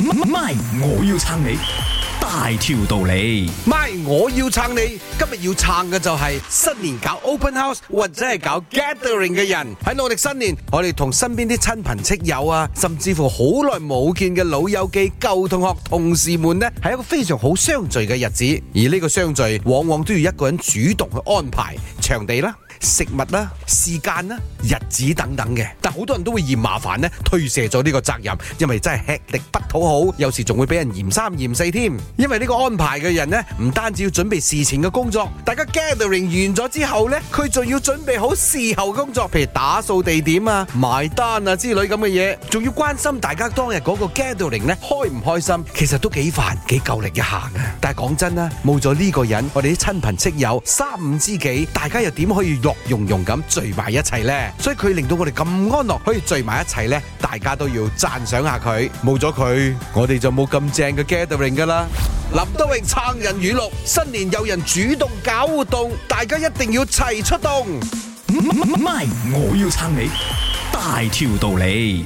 咪，My, 我要撐你大條道理。咪，我要撐你。今日要撐嘅就係新年搞 Open House 或者係搞 Gathering 嘅人，喺農曆新年，我哋同身邊啲親朋戚友啊，甚至乎好耐冇見嘅老友記、舊同學、同事們呢，係一個非常好相聚嘅日子。而呢個相聚，往往都要一個人主動去安排場地啦。食物啦、啊、時間啦、啊、日子等等嘅，但好多人都會嫌麻煩呢，推卸咗呢個責任，因為真係吃力不討好，有時仲會俾人嫌三嫌四添。因為呢個安排嘅人呢，唔單止要準備事前嘅工作，大家 gathering 完咗之後呢，佢仲要準備好事後嘅工作，譬如打掃地點啊、埋單啊之類咁嘅嘢，仲要關心大家當日嗰個 gathering 呢開唔開心，其實都幾煩幾夠力一下嘅。但係講真啦，冇咗呢個人，我哋啲親朋戚友、三五知己，大家又點可以樂融融咁聚埋一齊咧，所以佢令到我哋咁安樂可以聚埋一齊咧，大家都要讚賞下佢。冇咗佢，我哋就冇咁正嘅 gathering 㗎喇。林德榮撐人語錄：新年有人主動搞活動，大家一定要齊出動。唔係，我要撐你，大條道理。